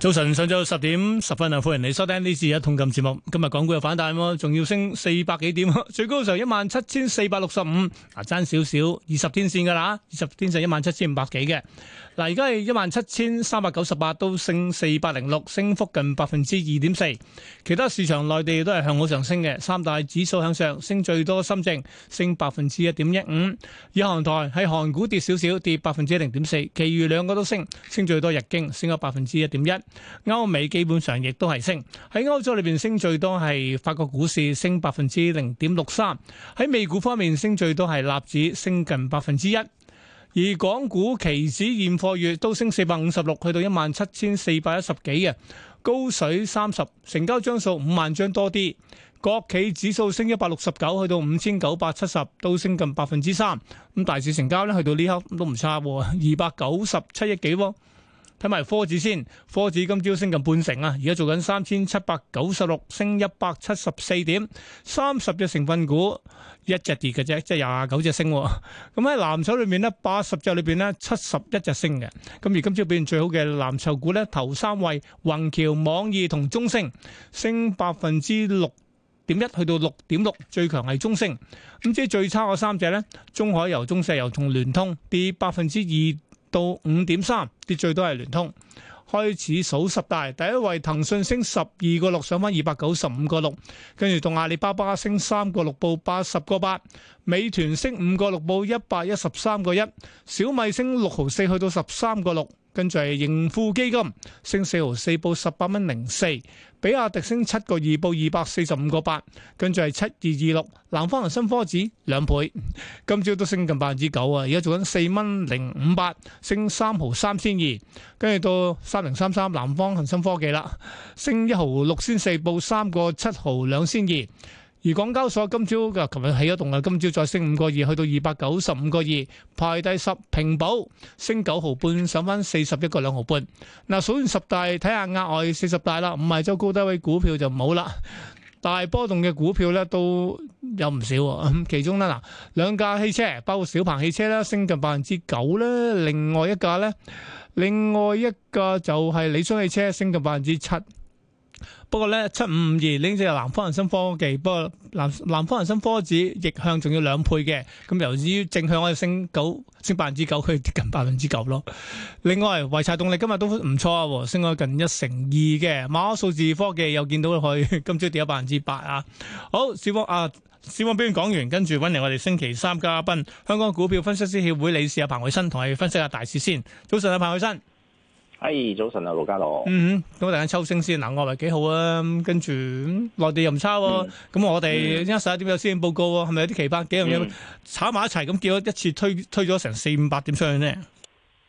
早晨，上晝十點十分啊，歡迎你收聽呢次一通禁節目。今日港股又反彈喎，仲要升四百幾點，最高嘅時候一萬七千四百六十五啊，爭少少二十天線㗎喇，二十天線一萬七千五百幾嘅。嗱，而家係一萬七千三百九十八，都升四百零六，升幅近百分之二點四。其他市場內地都係向好上升嘅，三大指數向上，升最多深證升百分之一點一五，日韓台係韓股跌少少，跌百分之零點四，其餘兩個都升，升最多日經升咗百分之一點一。歐美基本上亦都係升，喺歐洲裏邊升最多係法國股市升百分之零點六三，喺美股方面升最多係納指升近百分之一，而港股期指現貨月都升四百五十六，去到一萬七千四百一十幾，高水三十，成交張數五萬張多啲，國企指數升一百六十九，去到五千九百七十，都升近百分之三，咁大市成交呢，去到呢刻都唔差，二百九十七億幾。睇埋科指先，科指今朝升近半成啊！而家做緊三千七百九十六，升一百七十四點，三十隻成分股，一隻跌嘅啫，即係廿九隻升。咁喺藍籌裏面呢，八十隻裏邊呢，七十一隻升嘅。咁而今朝表現最好嘅藍籌股呢，頭三位宏橋網易同中升，升百分之六點一，去到六點六。最強係中升。咁即係最差嘅三隻呢，中海油、中石油同聯通，跌百分之二。到五點三，跌最多係聯通。開始數十大，第一位騰訊升十二個六，上返二百九十五個六。跟住同阿里巴巴升三個六，報八十個八。美團升五個六，報一百一十三個一。小米升六毫四，去到十三個六。跟住係盈富基金升四毫四，報十八蚊零四，比亞迪升七個二，報二百四十五個八，跟住係七二二六，南方恒生科指兩倍，今朝都升近百分之九啊，而家做緊四蚊零五八，升三毫三千二，跟住到三零三三，南方恒生科技啦，升一毫六先四，報三個七毫兩千二。而港交所今朝嘅琴日起咗動啊，今朝再升五個二，去到二百九十五個二，排第十，平保升九毫半，上翻四十一個兩毫半。嗱，數完十大，睇下額外四十大啦，五係周高低位股票就唔好啦。大波動嘅股票咧，都有唔少，嗯。其中咧嗱，兩架汽車，包括小鵬汽車啦，升近百分之九咧；另外一架咧，另外一個就係理想汽車，升近百分之七。不過咧七五五二呢隻係南方恒生科技，不過南南方恒生科指逆向仲要兩倍嘅，咁由於正向我哋升九升百分之九，佢跌近百分之九咯。另外濰柴動力今日都唔錯，升咗近一成二嘅，馬科數字科技又見到佢今朝跌咗百分之八啊。好，小方啊，小方邊講完，跟住揾嚟我哋星期三嘉賓香港股票分析師協會理事阿彭偉新同我哋分析下大市先。早晨啊，彭偉新。哎，Hi，早晨、嗯嗯、啊，盧家樂。嗯嗯，咁我哋抽升先嗱，我咪幾好啊，嗯、跟住內、嗯、地又唔差、啊，咁、啊嗯嗯、我哋一十一點有先報告喎，係咪有啲奇葩幾有有樣嘢炒埋一齊咁，叫一次推推咗成四五百點出去呢？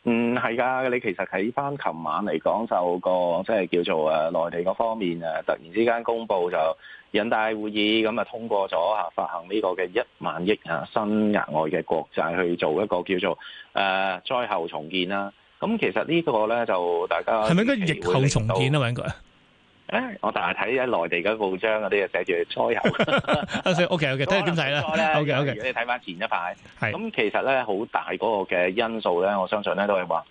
嗯，係噶，你其實睇翻琴晚嚟講就、那個即係、就是、叫做誒、呃、內地嗰方面誒、啊、突然之間公布就人大會議咁啊通過咗吓、啊、發行呢個嘅一,一萬億吓、啊、新額外嘅國債去做一個叫做誒災、呃、後重建啦。嗯咁其實呢個咧就大家係咪應該逆後重建啊？揾個？誒，我大係睇喺內地嘅報章嗰啲啊，寫住初有。O K O K，都係點睇咧？O K O K。你睇翻前一排，係咁其實咧好大嗰個嘅因素咧，我相信咧都係話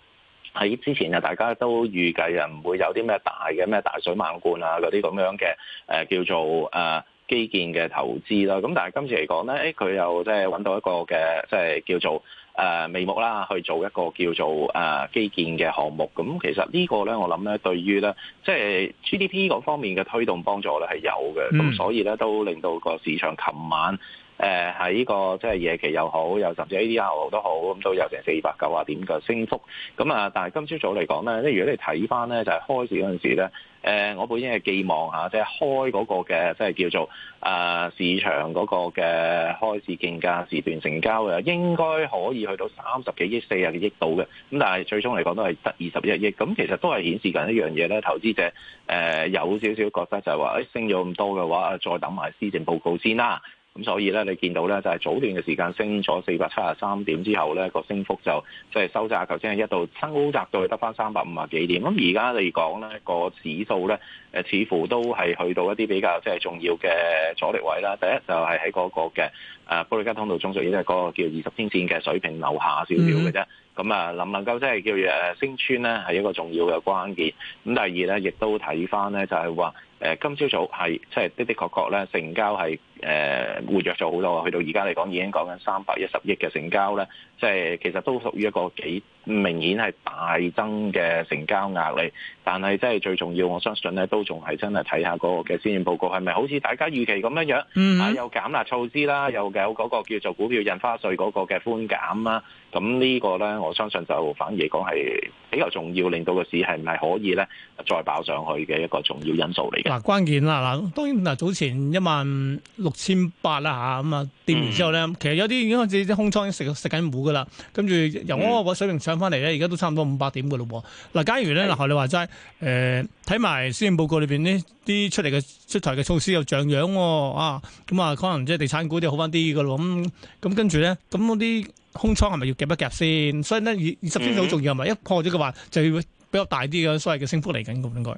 喺之前啊，大家都預計啊唔會有啲咩大嘅咩大水漫灌啊嗰啲咁樣嘅誒、呃、叫做誒、呃、基建嘅投資啦。咁但係今次嚟講咧，誒、欸、佢又即係揾到一個嘅即係叫做。誒、呃，眉目啦，去做一個叫做誒、呃、基建嘅項目，咁其實個呢個咧，我諗咧，對、就、於、是、咧，即係 GDP 嗰方面嘅推動幫助咧係有嘅，咁、嗯、所以咧都令到個市場琴晚。誒喺依個即係夜期又好，又甚至 ADR 都好，咁都有成四百九啊點嘅升幅。咁啊，但係今朝早嚟講咧，即係如果你睇翻咧，就係開市嗰陣時咧，誒，我本身係寄望嚇，即係開嗰個嘅，即係叫做啊市場嗰個嘅開市競價時段成交嘅，應該可以去到三十幾億、四十幾億度嘅。咁但係最終嚟講都係得二十一億。咁其實都係顯示緊一樣嘢咧，投資者誒有少少覺得就係話，誒升咗咁多嘅話，再等埋施政報告先啦。咁所以咧，你見到咧就係早段嘅時間升咗四百七十三點之後咧，個升幅就即係收窄。頭先係一度收窄到去得翻三百五十幾點。咁而家嚟講咧，個指數咧誒、呃、似乎都係去到一啲比較即係重要嘅阻力位啦。第一就係喺嗰個嘅啊布魯加通道中屬，亦都係個叫二十天線嘅水平留下少少嘅啫。咁啊、嗯，能唔能夠即係叫誒升穿咧，係一個重要嘅關鍵。咁第二咧，亦都睇翻咧，就係話誒今朝早係即係的的確確咧成交係。誒活躍咗好多，啊、嗯。去到而家嚟講已經講緊三百一十億嘅成交咧，即係其實都屬於一個幾明顯係大增嘅成交額嚟。但係真係最重要，我相信咧都仲係真係睇下嗰個嘅先驗報告係咪好似大家預期咁樣樣，嗯，有減壓措施啦，有有嗰個叫做股票印花稅嗰個嘅寬減啦，咁呢個咧我相信就反而講係比較重要，令到個市係唔係可以咧再爆上去嘅一個重要因素嚟嘅。嗱，關鍵啦，嗱，當然，嗱早前一萬六六千八啦吓，咁啊跌完之後咧，其實有啲已經開始啲空倉已經食食緊糊噶啦，跟住由嗰個水平上翻嚟咧，而家都差唔多五百點噶咯。嗱、啊，假如咧，嗱你話齋，誒睇埋施政報告裏邊呢啲出嚟嘅出台嘅措施又像樣、哦，啊咁啊，可能即係地產股啲好翻啲噶咯。咁咁跟住咧，咁嗰啲空倉係咪要夾一夾先？所以咧，二十線好重要，係咪、嗯嗯、一破咗嘅話就要比較大啲嘅所謂嘅升幅嚟緊咁應該？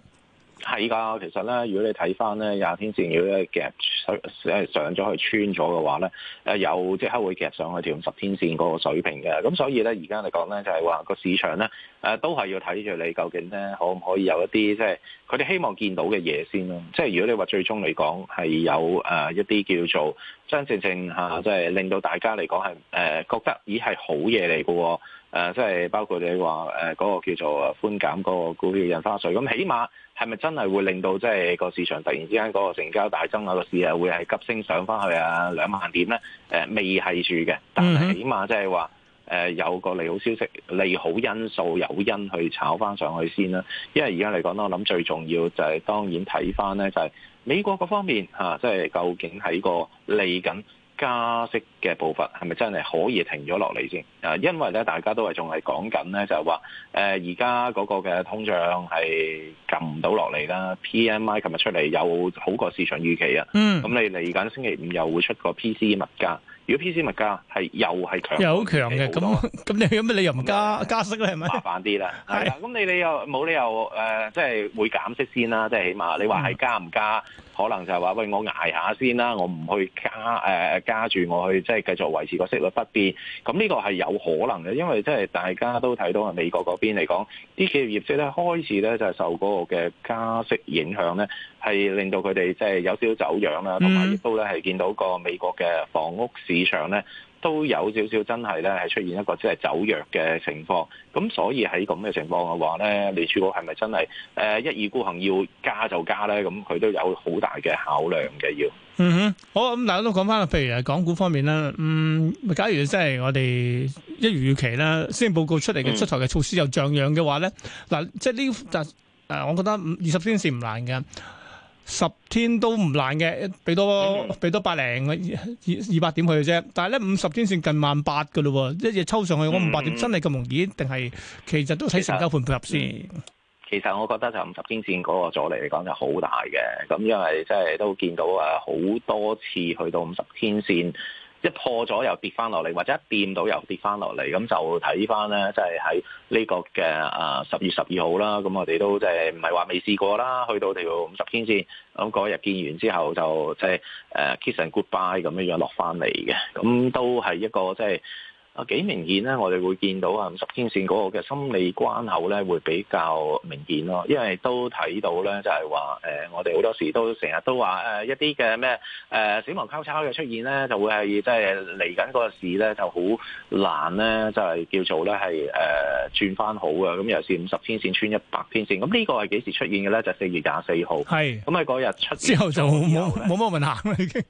係噶，其實咧，如果你睇返咧廿天線，如果係夾上上咗去穿咗嘅話咧，誒有即刻會夾上去條十天線個水平嘅。咁所以咧，而家嚟講咧，就係話個市場咧，誒都係要睇住你究竟咧可唔可以有一啲即係佢哋希望見到嘅嘢先咯。即係如果你話最終嚟講係有誒一啲叫做真正正吓，即係、嗯即係、令到大家嚟講係誒覺得咦係好嘢嚟嘅喎。誒，即係、呃就是、包括你話誒嗰個叫做寬減嗰個股票印花稅，咁起碼係咪真係會令到即係、就是、個市場突然之間嗰個成交大增啊？個市啊會係急升上翻去啊兩萬點咧？誒、呃，未係住嘅，但係起碼即係話誒有個利好消息、利好因素有因去炒翻上去先啦、啊。因為而家嚟講，我諗最重要就係當然睇翻咧，就係、是、美國嗰方面嚇，即、啊、係、就是、究竟喺個利緊。加息嘅步伐係咪真係可以停咗落嚟先？啊，因為咧大家都係仲係講緊咧，就係話誒，而家嗰個嘅通脹係撳唔到落嚟啦。PMI 琴日出嚟又好過市場預期啊。嗯，咁你嚟緊星期五又會出個 PC 物價。如果 P.C. 物 價，係又係強，又好強嘅咁。咁你有咩理由唔加加息咧？係咪麻煩啲啦？係。咁你你又冇理由誒，即、呃、係、就是、會減息先啦。即係起碼你話係加唔加，嗯、可能就係話喂，我捱下先啦。我唔去加誒、呃、加住，我去即係、就是、繼續維持個息率不變。咁呢個係有可能嘅，因為即係大家都睇到啊，美國嗰邊嚟講，啲企業業績咧開始咧就係、是、受嗰個嘅加息影響咧。係令到佢哋即係有少少走樣啦，同埋亦都咧係見到個美國嘅房屋市場咧都有少少真係咧係出現一個即係走弱嘅情況。咁所以喺咁嘅情況嘅話咧，聯儲局係咪真係誒一意孤行要加就加咧？咁佢都有好大嘅考量嘅。要嗯哼，好，咁大家都講翻啦。譬如係港股方面啦，嗯，假如即係我哋一如預期啦，先報告出嚟嘅出台嘅措施又像樣嘅話咧，嗱、嗯，即係呢就誒，我覺得二十天線唔難嘅。十天都唔難嘅，俾多俾、嗯、多百零二二百點去嘅啫。但係咧，五十天線近萬八嘅咯，一嘢抽上去，我五百點真係咁容易，定係其實都睇成交盤配合先、嗯。其實我覺得就五十天線嗰個阻力嚟講就好大嘅，咁因為真係都見到啊好多次去到五十天線。一破咗又跌翻落嚟，或者一掂到又跌翻落嚟，咁就睇翻咧，即係喺呢個嘅啊十月十二號啦，咁我哋都即係唔係話未試過啦，去到條五十天線咁，嗰日見完之後就即係誒 kiss and goodbye 咁樣樣落翻嚟嘅，咁都係一個即係。就是啊，幾明顯咧！我哋會見到啊，五十天線嗰個嘅心理關口咧，會比較明顯咯。因為都睇到咧，就係話誒，我哋好多時都成日都話誒，一啲嘅咩誒死亡交叉嘅出現咧，就會係即係嚟緊個市咧就好難咧，就係、就是、叫做咧係誒轉翻好嘅。咁尤其是五十天線穿一百天線，咁呢個係幾時出現嘅咧？就係四月廿四號，係咁喺嗰日出之後，之後就冇冇乜問題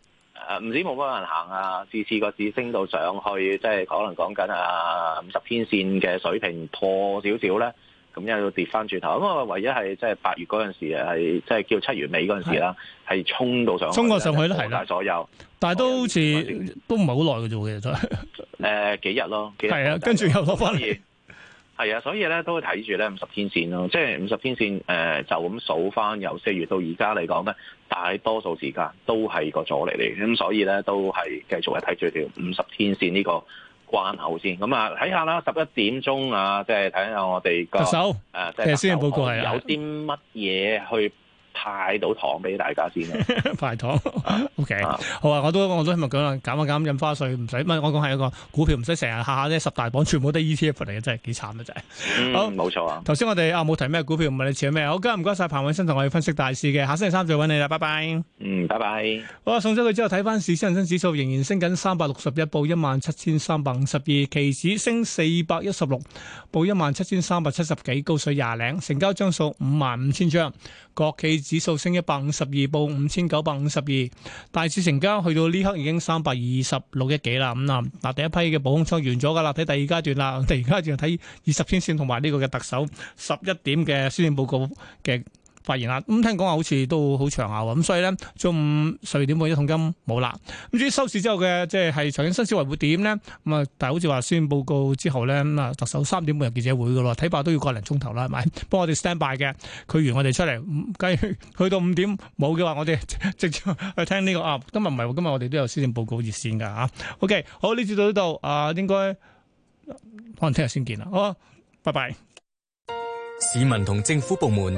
唔知冇乜人行啊，次次個市升到上去，即係可能講緊啊五十天線嘅水平破少少咧，咁又要跌翻轉頭。咁我唯一係即係八月嗰陣時啊，係即係叫七月尾嗰陣時啦，係是衝到上去，衝過上去啦，係啦，左右。但係都好似都唔係好耐嘅啫，其實都係誒、呃、幾日咯。係啊，跟住又落翻嚟。係啊，所以咧都會睇住咧五十天線咯，即係五十天線誒、呃，就咁數翻由四月到而家嚟講咧，大多數時間都係個阻力嚟，咁所以咧都係繼續係睇住條五十天線呢個關口先看看。咁啊，睇下啦，十一點鐘啊，即係睇下我哋個特首誒，施政報告啊。有啲乜嘢去？派到糖俾大家先，派糖。O K，好啊，我都我都希望講話減一減印花稅，唔使。唔、嗯、係我講係一個股票，唔使成日下下啲十大榜全部都係 E T F 嚟嘅，真係幾慘啊！真係。嗯，冇錯啊。頭先我哋啊冇提咩股票，唔係你似咩？好，今日唔該晒。彭偉新同我哋分析大市嘅，下星期三再揾你啦，拜拜。嗯，拜拜。好啊，送咗佢之後睇翻市，市人生，恆生指數仍然升緊三百六十一，報一萬七千三百五十二，期指升四百一十六，報一萬七千三百七十幾，高水廿零，成交張數五萬五千張，國企。指數升一百五十二，報五千九百五十二。大市成交去到呢刻已經三百二十六億幾啦。咁啊，嗱第一批嘅補空倉完咗噶啦，睇第二階段啦。我哋而家仲睇二十天線同埋呢個嘅特首十一點嘅宣戰報告嘅。發言啦，咁聽講話好似都好長下，咁所以咧，中午十二點半一桶金冇啦。咁至於收市之後嘅，即係係財經新思維會點咧？咁啊，但係好似話施政報告之後咧，啊特首三點半入記者會噶咯，睇怕都要過個零鐘頭啦，係咪？幫我哋 stand by 嘅，佢完我哋出嚟，計去到五點冇嘅話，我哋直接去聽呢、這個啊。今日唔係，今日我哋都有施政報告熱線噶吓、啊。OK，好，呢次到呢度啊，應該、啊、可能聽日先見啦。好，拜拜。市民同政府部門。